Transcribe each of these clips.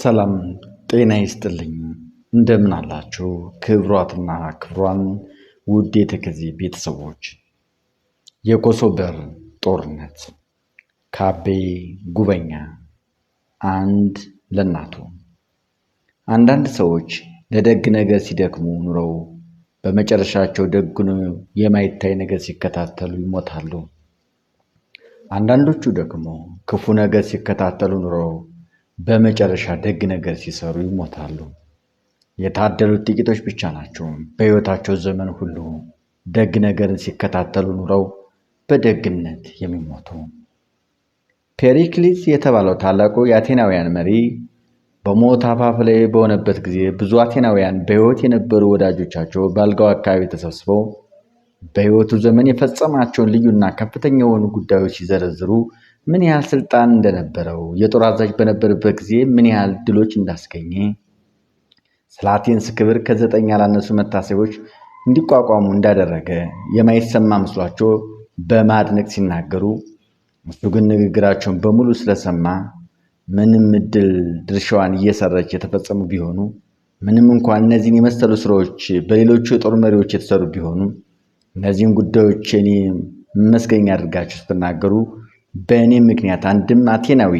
ሰላም ጤና ይስጥልኝ። እንደምን አላችሁ? ክብሯትና ክብሯን ውድ የተከዜ ቤተሰቦች፣ የኮሶ በር ጦርነት ከአቤ ጉበኛ አንድ ለእናቱ አንዳንድ ሰዎች ለደግ ነገር ሲደክሙ ኑረው በመጨረሻቸው ደግ የማይታይ ነገር ሲከታተሉ ይሞታሉ። አንዳንዶቹ ደግሞ ክፉ ነገር ሲከታተሉ ኑረው በመጨረሻ ደግ ነገር ሲሰሩ ይሞታሉ። የታደሉት ጥቂቶች ብቻ ናቸው። በሕይወታቸው ዘመን ሁሉ ደግ ነገርን ሲከታተሉ ኑረው በደግነት የሚሞቱ። ፔሪክሊስ የተባለው ታላቁ የአቴናውያን መሪ በሞት አፋፍ ላይ በሆነበት ጊዜ ብዙ አቴናውያን በሕይወት የነበሩ ወዳጆቻቸው በአልጋው አካባቢ ተሰብስበው በሕይወቱ ዘመን የፈጸማቸውን ልዩና ከፍተኛ የሆኑ ጉዳዮች ሲዘረዝሩ ምን ያህል ስልጣን እንደነበረው፣ የጦር አዛዥ በነበረበት ጊዜ ምን ያህል ድሎች እንዳስገኘ ስለ አቴንስ ክብር ከዘጠኝ ያላነሱ መታሰቦች እንዲቋቋሙ እንዳደረገ የማይሰማ መስሏቸው በማድነቅ ሲናገሩ፣ እሱ ግን ንግግራቸውን በሙሉ ስለሰማ ምንም እድል ድርሻዋን እየሰረች የተፈጸሙ ቢሆኑ ምንም እንኳን እነዚህን የመሰሉ ስራዎች በሌሎቹ የጦር መሪዎች የተሰሩ ቢሆኑም እነዚህን ጉዳዮች እኔ መስገኛ አድርጋችሁ ስትናገሩ በእኔ ምክንያት አንድም አቴናዊ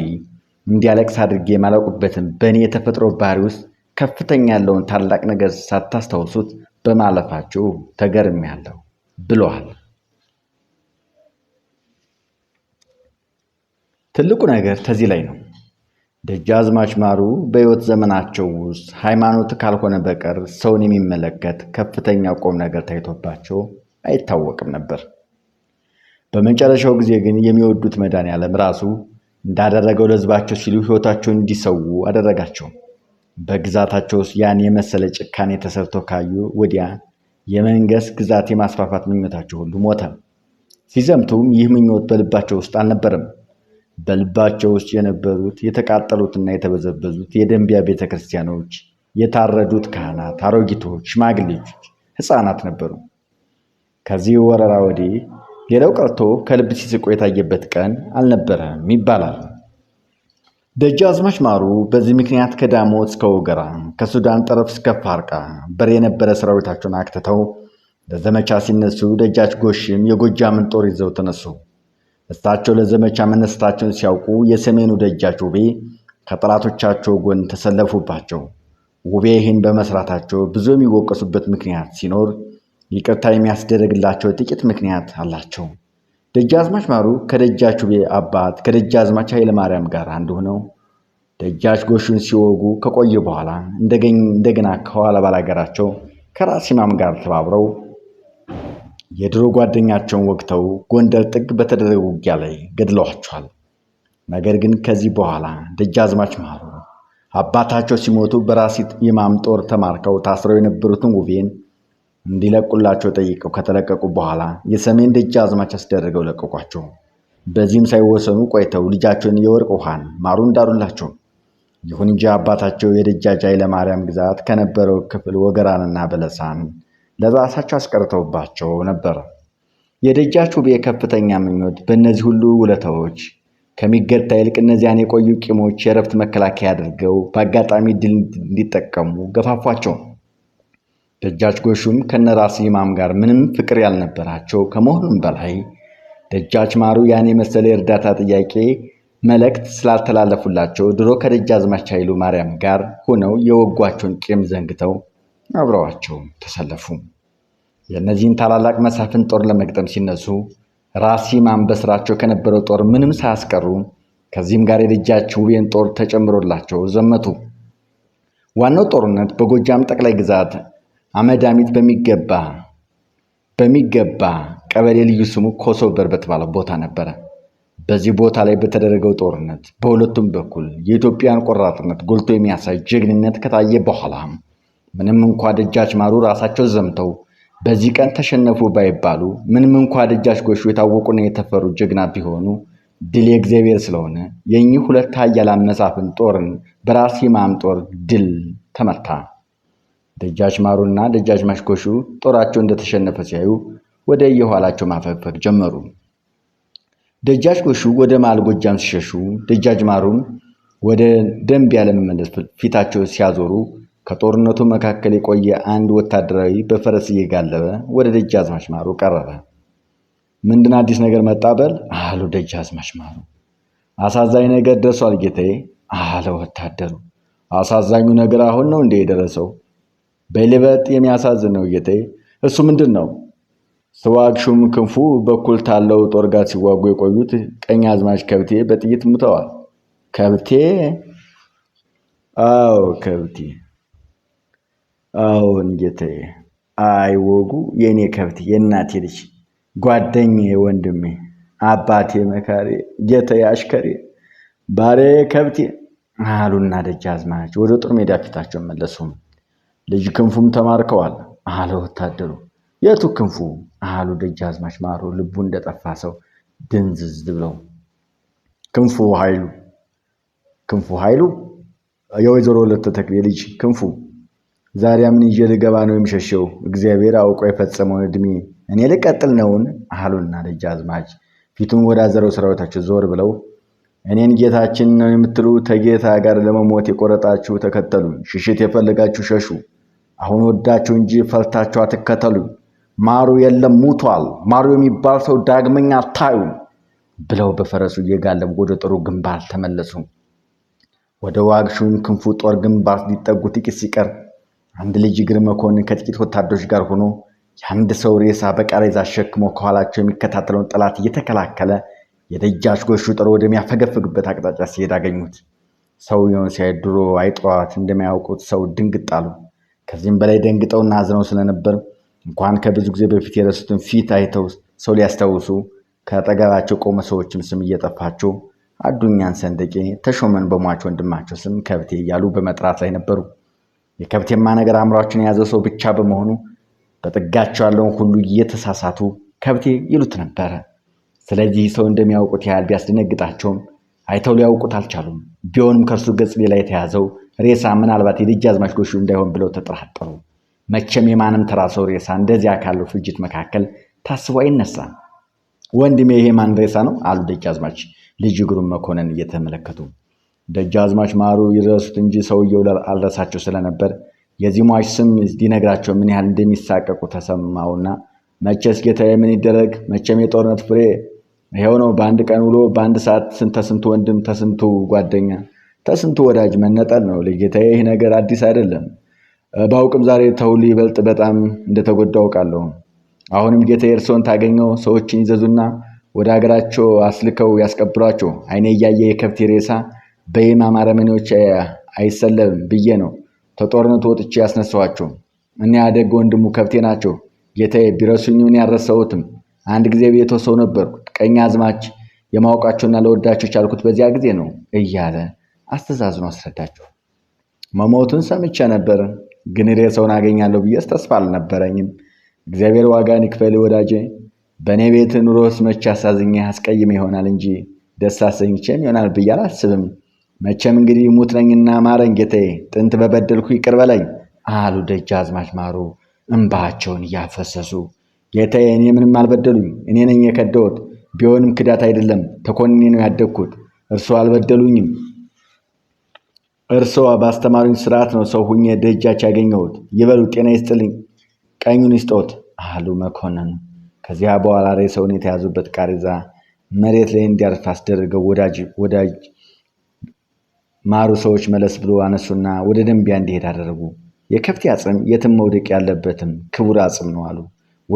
እንዲያለቅስ አድርጌ የማላውቅበትን በእኔ የተፈጥሮ ባህሪ ውስጥ ከፍተኛ ያለውን ታላቅ ነገር ሳታስታውሱት በማለፋችሁ ተገርሜያለሁ ብለዋል። ትልቁ ነገር ከዚህ ላይ ነው። ደጃዝማች ማሩ በሕይወት ዘመናቸው ውስጥ ሃይማኖት ካልሆነ በቀር ሰውን የሚመለከት ከፍተኛ ቁም ነገር ታይቶባቸው አይታወቅም ነበር። በመጨረሻው ጊዜ ግን የሚወዱት መድኃኔዓለም ራሱ እንዳደረገው ለሕዝባቸው ሲሉ ሕይወታቸውን እንዲሰዉ አደረጋቸው። በግዛታቸው ውስጥ ያን የመሰለ ጭካኔ ተሰርቶ ካዩ ወዲያ የመንገስ ግዛት የማስፋፋት ምኞታቸው ሁሉ ሞተ። ሲዘምቱም ይህ ምኞት በልባቸው ውስጥ አልነበረም። በልባቸው ውስጥ የነበሩት የተቃጠሉትና የተበዘበዙት የደንቢያ ቤተ ክርስቲያኖች፣ የታረዱት ካህናት፣ አሮጊቶች፣ ሽማግሌዎች፣ ሕፃናት ነበሩ። ከዚህ ወረራ ወዲህ ሌላው ቀርቶ ከልብ ሲስቆ የታየበት ቀን አልነበረም ይባላል። ደጃዝማች ማሩ በዚህ ምክንያት ከዳሞ እስከ ወገራ ከሱዳን ጠረፍ እስከ ፋርቃ በር የነበረ ሰራዊታቸውን አክትተው ለዘመቻ ሲነሱ ደጃች ጎሽም የጎጃምን ጦር ይዘው ተነሱ። እሳቸው ለዘመቻ መነሳታቸውን ሲያውቁ የሰሜኑ ደጃች ውቤ ከጠላቶቻቸው ጎን ተሰለፉባቸው። ውቤ ይህን በመስራታቸው ብዙ የሚወቀሱበት ምክንያት ሲኖር ይቅርታ የሚያስደረግላቸው ጥቂት ምክንያት አላቸው። ደጃዝማች ማሩ ከደጃች ውቤ አባት ከደጃዝማች ኃይለማርያም ጋር አንዱ ሆነው ደጃች ጎሹን ሲወጉ ከቆየ በኋላ እንደገና ከኋላ ባላገራቸው ከራስ ኢማም ጋር ተባብረው የድሮ ጓደኛቸውን ወግተው ጎንደር ጥግ በተደረገ ውጊያ ላይ ገድለዋቸዋል። ነገር ግን ከዚህ በኋላ ደጃዝማች ማሩ አባታቸው ሲሞቱ በራስ ኢማም ጦር ተማርከው ታስረው የነበሩትን ውቤን እንዲለቁላቸው ጠይቀው ከተለቀቁ በኋላ የሰሜን አዝማች አስደረገው ለቀቋቸው። በዚህም ሳይወሰኑ ቆይተው ልጃቸውን የወርቅ ውሃን ማሩ ዳሩላቸው። ይሁን እንጂ አባታቸው የደጃጅ ኃይለማርያም ግዛት ከነበረው ክፍል ወገራንና በለሳን ለራሳቸው አስቀርተውባቸው ነበር። የደጃች ቤ ከፍተኛ ምኞት በእነዚህ ሁሉ ውለታዎች ከሚገታ ይልቅ እነዚያን የቆዩ ቂሞች የእረፍት መከላከያ አድርገው በአጋጣሚ ድል እንዲጠቀሙ ገፋፏቸው። ደጃች ጎሹም ከነራስ ይማም ጋር ምንም ፍቅር ያልነበራቸው ከመሆኑም በላይ ደጃች ማሩ ያን የመሰለ የእርዳታ ጥያቄ መልእክት ስላልተላለፉላቸው ድሮ ከደጃዝማች ኃይሉ ማርያም ጋር ሆነው የወጓቸውን ቂም ዘንግተው አብረዋቸው ተሰለፉ። የእነዚህን ታላላቅ መሳፍን ጦር ለመግጠም ሲነሱ ራስ ይማም በስራቸው ከነበረው ጦር ምንም ሳያስቀሩ ከዚህም ጋር የደጃች ውቤን ጦር ተጨምሮላቸው ዘመቱ። ዋናው ጦርነት በጎጃም ጠቅላይ ግዛት አመዳሚት በሚገባ በሚገባ ቀበሌ ልዩ ስሙ ኮሶበር በር በተባለው ቦታ ነበረ። በዚህ ቦታ ላይ በተደረገው ጦርነት በሁለቱም በኩል የኢትዮጵያን ቆራጥነት ጎልቶ የሚያሳይ ጀግንነት ከታየ በኋላ ምንም እንኳ ደጃች ማሩ ራሳቸው ዘምተው በዚህ ቀን ተሸነፉ ባይባሉ፣ ምንም እንኳ ደጃች ጎሹ የታወቁና የተፈሩ ጀግና ቢሆኑ ድል የእግዚአብሔር ስለሆነ የእኚህ ሁለት ኃያላን መሳፍንት ጦርን በራስ ይማም ጦር ድል ተመታ። ደጃች ማሩና ደጃች ማሽኮሹ ጦራቸው እንደተሸነፈ ሲያዩ ወደ የኋላቸው ማፈግፈግ ጀመሩ። ደጃች ኮሹ ወደ መሃል ጎጃም ሲሸሹ፣ ደጃች ማሩም ወደ ደንቢያ ለመመለስ ፊታቸው ሲያዞሩ ከጦርነቱ መካከል የቆየ አንድ ወታደራዊ በፈረስ እየጋለበ ወደ ደጃዝማች ማሩ ቀረበ። ምንድን አዲስ ነገር መጣበል አሉ ደጃዝማች ማሩ። አሳዛኝ ነገር ደርሷል ጌታዬ አለ ወታደሩ። አሳዛኙ ነገር አሁን ነው እንዴ የደረሰው? የሚያሳዝን ነው ጌታዬ እሱ ምንድን ነው? ስዋግ ሹም ክንፉ በኩል ታለው ጦር ጋር ሲዋጉ የቆዩት ቀኝ አዝማች ከብቴ በጥይት ሙተዋል። ከብቴ አዎ፣ ከብቴ አዎን፣ ጌታዬ። አይወጉ የእኔ ከብቴ፣ የእናቴ ልጅ፣ ጓደኛ ወንድሜ፣ አባቴ፣ መካሬ፣ ጌታዬ፣ አሽከሬ፣ ባሬ፣ ከብቴ አሉና ደጃዝማች ወደ ጦር ሜዳ ፊታቸውን መለሱም። ልጅ ክንፉም ተማርከዋል አለ ወታደሩ። የቱ ክንፉ አሉ ደጃዝማች ማሩ ልቡ እንደጠፋ ሰው ድንዝዝ ብለው። ክንፉ ኃይሉ ክንፉ ኃይሉ የወይዘሮ ሁለት ተክሌ ልጅ ክንፉ። ዛሬ ምን ይዤ ልገባ ነው የሚሸሸው? እግዚአብሔር አውቆ የፈጸመውን እድሜ እኔ ልቀጥል ነውን? አሉና ደጃዝማች ፊቱን አዘረው ሰራዊታቸው ዞር ብለው እኔን ጌታችን ነው የምትሉ ተጌታ ጋር ለመሞት የቆረጣችሁ ተከተሉ፣ ሽሽት የፈለጋችሁ ሸሹ አሁን ወዳችሁ እንጂ ፈልታችሁ አትከተሉ። ማሩ የለም ሙቷል፣ ማሩ የሚባል ሰው ዳግመኛ አታዩ ብለው በፈረሱ እየጋለቡ ወደ ጦሩ ግንባር ተመለሱ። ወደ ዋግሹም ክንፉ ጦር ግንባር ሊጠጉ ጥቂት ሲቀር አንድ ልጅ እግር መኮንን ከጥቂት ወታደሮች ጋር ሆኖ የአንድ ሰው ሬሳ በቃሬዛ አሸክሞ ከኋላቸው የሚከታተለውን ጠላት እየተከላከለ የደጃች ጎሹ ጦር ወደሚያፈገፍግበት አቅጣጫ ሲሄድ አገኙት። ሰውየውን ሲያይ ድሮ አይጠዋት እንደማያውቁት ሰው ድንግጥ አሉ። ከዚህም በላይ ደንግጠውና አዝነው ስለነበር እንኳን ከብዙ ጊዜ በፊት የረሱትን ፊት አይተው ሰው ሊያስታውሱ ከጠገባቸው ቆመ። ሰዎችም ስም እየጠፋቸው አዱኛን ሰንደቄ፣ ተሾመን በሟቸው ወንድማቸው ስም ከብቴ እያሉ በመጥራት ላይ ነበሩ። የከብቴማ ነገር አእምሯቸውን የያዘው ሰው ብቻ በመሆኑ በጥጋቸው ያለውን ሁሉ እየተሳሳቱ ከብቴ ይሉት ነበረ። ስለዚህ ሰው እንደሚያውቁት ያህል ቢያስደነግጣቸውም አይተው ሊያውቁት አልቻሉም። ቢሆንም ከእርሱ ገጽ ሌላ የተያዘው ሬሳ ምናልባት የደጃዝማች ጎሹ እንዳይሆን ብለው ተጠራጠሩ። መቼም የማንም ተራ ሰው ሬሳ እንደዚያ ካለው ፍጅት መካከል ታስቦ አይነሳም። ወንድሜ ይሄ ማን ሬሳ ነው አሉ ደጃዝማች ልጅ እግሩን መኮንን እየተመለከቱ። ደጃዝማች ማሩ ይረሱት እንጂ ሰውየው አልረሳቸው ስለነበር የዚህ ሟች ስም ሊነግራቸው ምን ያህል እንደሚሳቀቁ ተሰማውና መቼስ ጌታዬ ምን ይደረግ፣ መቼም የጦርነት ፍሬ ይኸው ነው። በአንድ ቀን ውሎ በአንድ ሰዓት ስንተስንቱ ወንድም ተስንቱ ጓደኛ ተስንቱ ወዳጅ መነጠል ነው። ለጌታ ይህ ነገር አዲስ አይደለም። በአውቅም ዛሬ ተውል ይበልጥ በጣም እንደተጎዳ አውቃለሁ። አሁንም ጌታ እርስዎን ታገኘው ሰዎችን ይዘዙና ወደ ሀገራቸው አስልከው ያስቀብሯቸው። አይኔ እያየ የከብት ሬሳ በየማም አረመኔዎች አይሰለብም ብዬ ነው ተጦርነቱ ወጥቼ ያስነሳኋቸው። እኔ ያደግ ወንድሙ ከብቴ ናቸው። ጌታዬ ቢረሱኝ ምን ያረሰውትም። አንድ ጊዜ ቤቶ ሰው ነበርኩ። ቀኝ አዝማች የማውቃቸውና ለወዳቸው ቻልኩት በዚያ ጊዜ ነው እያለ አስተዛዝኖ አስረዳቸው። መሞቱን ሰምቼ ነበር፣ ግን እኔ ሰውን አገኛለሁ ብዬስ ተስፋ አልነበረኝም። እግዚአብሔር ዋጋን ይክፈል ወዳጄ። በእኔ ቤት ኑሮስ መቼ አሳዝኜ አስቀይሜ ይሆናል እንጂ ደስ አሰኝቼም ይሆናል ብዬ አላስብም። መቼም እንግዲህ ሙት ነኝና ማረኝ ጌታዬ፣ ጥንት በበደልኩ ይቅር በለኝ አሉ ደጃዝማች ማሩ እምባቸውን እያፈሰሱ። ጌታዬ እኔ ምንም አልበደሉኝ፣ እኔ ነኝ የከደውት ቢሆንም ክዳት አይደለም ተኮንኔ ነው ያደግኩት። እርሱ አልበደሉኝም እርስዎ ባስተማሩኝ ስርዓት ነው ሰው ሁኜ ደጃች ያገኘሁት። ይበሉ ጤና ይስጥልኝ፣ ቀኙን ይስጦት አሉ መኮንን። ከዚያ በኋላ ሬሳውን የተያዙበት ቃሬዛ መሬት ላይ እንዲያርፍ አስደርገው ወዳጅ ወዳጅ ማሩ ሰዎች መለስ ብሎ አነሱና ወደ ደንቢያ እንዲሄድ አደረጉ። የከፍት አጽም የትም መውደቅ ያለበትም ክቡር አጽም ነው አሉ።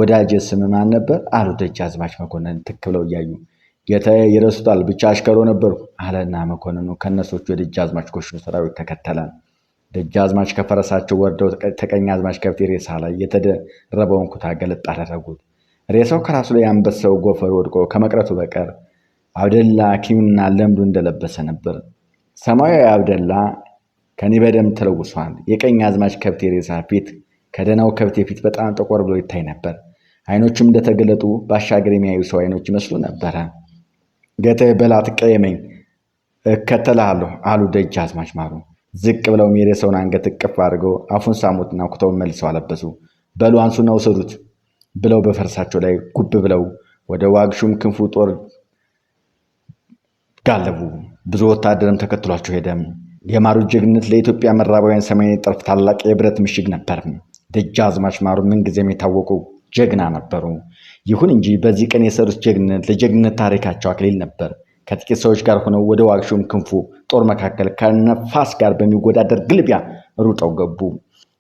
ወዳጅ ስም ማን ነበር አሉ ደጃዝማች መኮንን ትክ ብለው እያዩ ጌታዬ ይረሱታል፣ ብቻ አሽከሮ ነበርኩ አለና መኮንኑ ከነሶቹ የደጃዝማች ጎሹ ሰራዊት ተከተለ። ደጃዝማች ከፈረሳቸው ወርደው ተቀኛዝማች ከብቴ ሬሳ ላይ የተደረበውን ኩታ ገለጥ አደረጉት። ሬሳው ከራሱ ላይ አንበሳው ጎፈር ወድቆ ከመቅረቱ በቀር አብደላ ኪምና ለምዱ እንደለበሰ ነበር። ሰማያዊ አብደላ ከኔ በደም ተለውሷል። የቀኝ አዝማች ከብቴ ሬሳ ፊት ከደናው ከብቴ ፊት በጣም ጠቆር ብሎ ይታይ ነበር። አይኖቹም እንደተገለጡ ባሻገር የሚያዩ ሰው አይኖች ይመስሉ ነበረ። ገተ በላ ትቀየመኝ እከተልሃለሁ አሉ ደጃዝማች ማሩ። ዝቅ ብለው ሜሬ ሰውን አንገት እቅፍ አድርገው አፉን ሳሙትና ኩታውን መልሰው አለበሱ። በሉ አንሱና ውሰዱት ብለው በፈረሳቸው ላይ ጉብ ብለው ወደ ዋግሹም ክንፉ ጦር ጋለቡ። ብዙ ወታደርም ተከትሏቸው ሄደም። የማሩ ጀግንነት ለኢትዮጵያ ምዕራባውያን ሰሜናዊ ጠርፍ ታላቅ የብረት ምሽግ ነበር። ደጃዝማች ማሩ ምንጊዜም የታወቁ ጀግና ነበሩ። ይሁን እንጂ በዚህ ቀን የሰሩት ጀግንነት ለጀግንነት ታሪካቸው አክሊል ነበር። ከጥቂት ሰዎች ጋር ሆነው ወደ ዋግሹም ክንፉ ጦር መካከል ከነፋስ ጋር በሚወዳደር ግልቢያ ሩጠው ገቡ።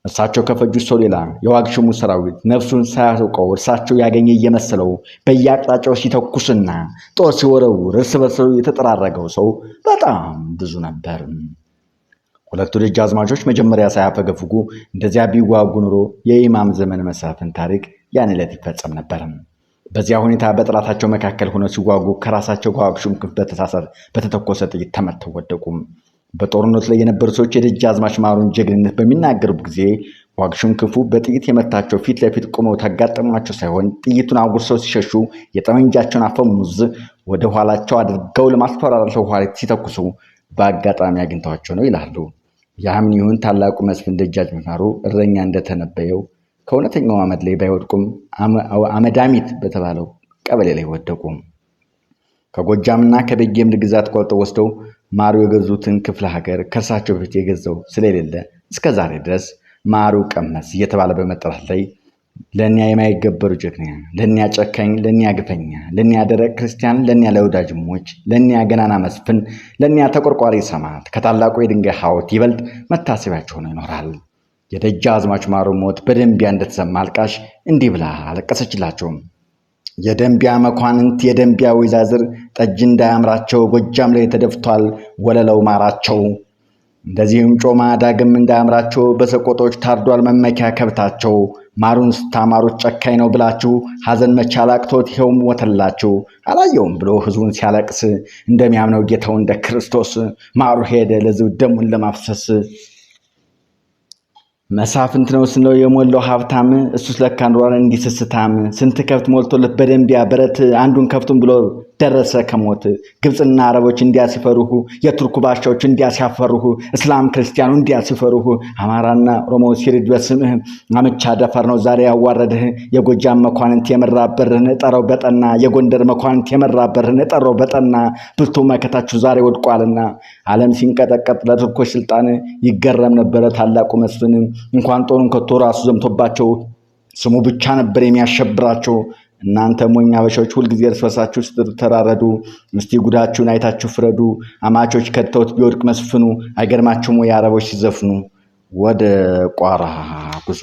እርሳቸው ከፈጁት ሰው ሌላ የዋግሹሙ ሰራዊት ነፍሱን ሳያውቀው እርሳቸው ያገኘ እየመሰለው በየአቅጣጫው ሲተኩስና ጦር ሲወረውር እርስ በርስ የተጠራረገው ሰው በጣም ብዙ ነበር። ሁለቱ ደጃዝማቾች መጀመሪያ ሳያፈገፍጉ እንደዚያ ቢዋጉ ኑሮ የኢማም ዘመን መሳፍን ታሪክ ያን ዕለት ይፈጸም ነበር። በዚያ ሁኔታ በጠላታቸው መካከል ሆነው ሲዋጉ ከራሳቸው ከአክሱም ክንፍ በተተኮሰ ጥይት ተመተው ወደቁም። በጦርነቱ ላይ የነበሩ ሰዎች የደጃዝማች ማሩን ጀግንነት በሚናገሩ ጊዜ ዋግሹም ክንፉ በጥይት የመታቸው ፊት ለፊት ቆመው ታጋጠሟቸው ሳይሆን ጥይቱን አጉርሰው ሲሸሹ የጠመንጃቸውን አፈሙዝ ወደ ኋላቸው አድርገው ለማስፈራራቸው ኋላ ሲተኩሱ በአጋጣሚ አግኝተዋቸው ነው ይላሉ። ያም ይሁን ታላቁ መስፍን ደጃዝማች ማሩ እረኛ እንደተነበየው ከእውነተኛው አመድ ላይ ባይወድቁም አመዳሚት በተባለው ቀበሌ ላይ ወደቁ። ከጎጃምና ከቤጌምድር ግዛት ቆርጠው ወስደው ማሩ የገዙትን ክፍለ ሀገር ከእርሳቸው በፊት የገዛው ስለሌለ እስከ ዛሬ ድረስ ማሩ ቀመስ እየተባለ በመጠራት ላይ ለእኒያ የማይገበሩ ጀግና፣ ለእኒያ ጨካኝ፣ ለእኒያ ግፈኛ፣ ለእኒያ ደረቅ ክርስቲያን፣ ለእኒያ ለወዳጅሞች፣ ለእኒያ ገናና መስፍን፣ ለእኒያ ተቆርቋሪ ሰማዕት ከታላቁ የድንጋይ ሐውልት ይበልጥ መታሰቢያቸው ሆኖ ይኖራል። የደጃዝማች ማሩ ሞት በደንቢያ እንደተሰማ አልቃሽ እንዲህ ብላ አለቀሰችላቸውም። የደንቢያ መኳንንት፣ የደንቢያ ወይዛዝር ጠጅ እንዳያምራቸው ጎጃም ላይ ተደፍቷል ወለለው ማራቸው። እንደዚህም ጮማ ዳግም እንዳያምራቸው በሰቆጦች ታርዷል መመኪያ ከብታቸው። ማሩን ስታማሩት ጨካኝ ነው ብላችሁ ሐዘን መቻል አቅቶት ይኸውም ወተላችሁ። አላየውም ብሎ ህዝቡን ሲያለቅስ እንደሚያምነው ጌታው እንደ ክርስቶስ ማሩ ሄደ ለሕዝብ ደሙን ለማፍሰስ መሳፍንት ነው ስንለው የሞላው ሀብታም እሱስ ለካ ኑሯን እንዲህ ስንት ከብት ሞልቶለት በደንቢያ በረት አንዱን ከብቱን ብሎ ደረሰ ከሞት ግብፅና አረቦች እንዲያሲፈሩሁ የቱርኩ ባሻዎች እንዲያሲያፈሩሁ እስላም ክርስቲያኑ እንዲያሲፈሩሁ አማራና ሮሞ ሲሪድ በስምህ አምቻ ደፈር ነው ዛሬ ያዋረድህ የጎጃም መኳንንት የመራበርህን ጠረው በጠና የጎንደር መኳንንት የመራበርህን ጠረው በጠና ብርቱ መከታችሁ ዛሬ ወድቋልና አለም ሲንቀጠቀጥ ለቱርኮች ስልጣን ይገረም ነበረ ታላቁ መስፍን እንኳን ጦሩን ከቶ ራሱ ዘምቶባቸው ስሙ ብቻ ነበር የሚያሸብራቸው እናንተ ሞኝ አበሾች ሁልጊዜ እርስ በርሳችሁ ስትተራረዱ፣ እስቲ ጉዳችሁን አይታችሁ ፍረዱ። አማቾች ከተውት ቢወድቅ መስፍኑ፣ አይገርማችሁም ወይ አረቦች ሲዘፍኑ? ወደ ቋራ ጉዞ